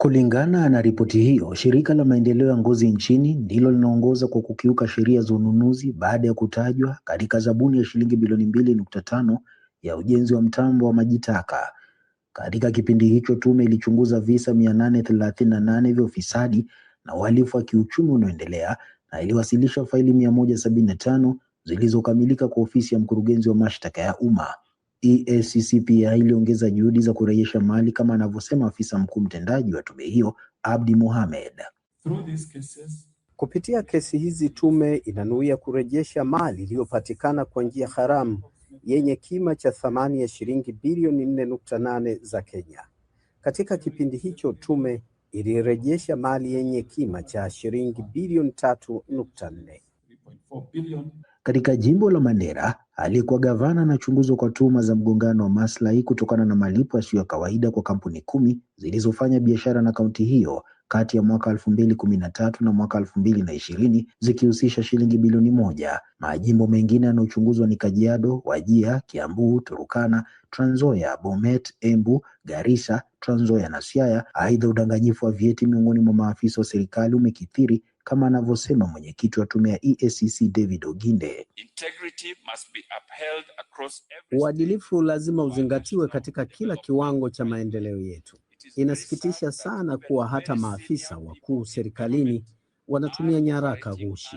Kulingana na ripoti hiyo, shirika la maendeleo ya ngozi nchini ndilo linaongoza kwa kukiuka sheria za ununuzi baada ya kutajwa katika zabuni ya shilingi bilioni mbili nukta tano ya ujenzi wa mtambo wa maji taka. Katika kipindi hicho, tume ilichunguza visa mia nane thelathini na nane vya ufisadi na uhalifu wa kiuchumi unaoendelea na iliwasilisha faili mia moja sabini na tano zilizokamilika kwa ofisi ya mkurugenzi wa mashtaka ya umma. EACC iliongeza juhudi za kurejesha mali kama anavyosema afisa mkuu mtendaji wa tume hiyo Abdi Mohamed. Kupitia kesi hizi, tume inanuia kurejesha mali iliyopatikana kwa njia haramu yenye kima cha thamani ya shilingi bilioni 4.8 za Kenya. Katika kipindi hicho, tume ilirejesha mali yenye kima cha shilingi bilioni 3.4 katika jimbo la Mandera aliyekuwa gavana anachunguzwa kwa tuhuma za mgongano wa maslahi kutokana na malipo yasiyo ya kawaida kwa kampuni kumi zilizofanya biashara na kaunti hiyo kati ya mwaka elfu mbili kumi na tatu na mwaka elfu mbili na ishirini zikihusisha shilingi bilioni moja. Majimbo mengine yanayochunguzwa ni Kajiado, Wajia, Kiambu, Turukana, Tranzoya, Bomet, Embu, Garissa, Tranzoya na Siaya. Aidha, udanganyifu wa vyeti miongoni mwa maafisa wa serikali umekithiri kama anavyosema mwenyekiti wa tume ya EACC David Oginde. Uadilifu lazima uzingatiwe katika kila kiwango cha maendeleo yetu. Inasikitisha sana kuwa hata maafisa wakuu serikalini wanatumia nyaraka ghushi.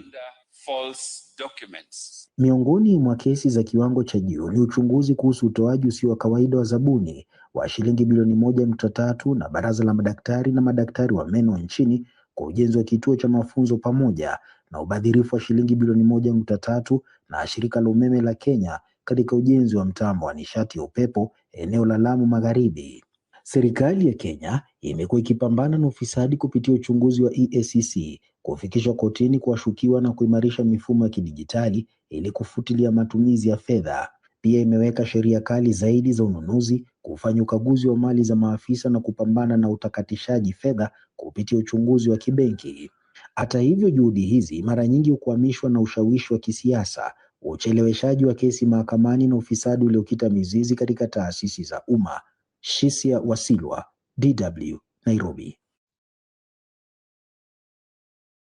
Miongoni mwa kesi za kiwango cha juu ni uchunguzi kuhusu utoaji usio wa kawaida wa zabuni wa shilingi bilioni moja nukta tatu na baraza la madaktari na madaktari wa meno nchini kwa ujenzi wa kituo cha mafunzo pamoja na ubadhirifu wa shilingi bilioni moja nukta tatu na shirika la umeme la Kenya katika ujenzi wa mtambo wa nishati ya upepo eneo la Lamu Magharibi. Serikali ya Kenya imekuwa ikipambana na ufisadi kupitia uchunguzi wa EACC, kufikishwa kotini kuwashukiwa na kuimarisha mifumo ya kidijitali ili kufutilia matumizi ya fedha. Pia imeweka sheria kali zaidi za ununuzi, kufanya ukaguzi wa mali za maafisa na kupambana na utakatishaji fedha kupitia uchunguzi wa kibenki. Hata hivyo, juhudi hizi mara nyingi hukwamishwa na ushawishi wa kisiasa, ucheleweshaji wa kesi mahakamani na ufisadi uliokita mizizi katika taasisi za umma. Shisia Wasilwa, DW, Nairobi.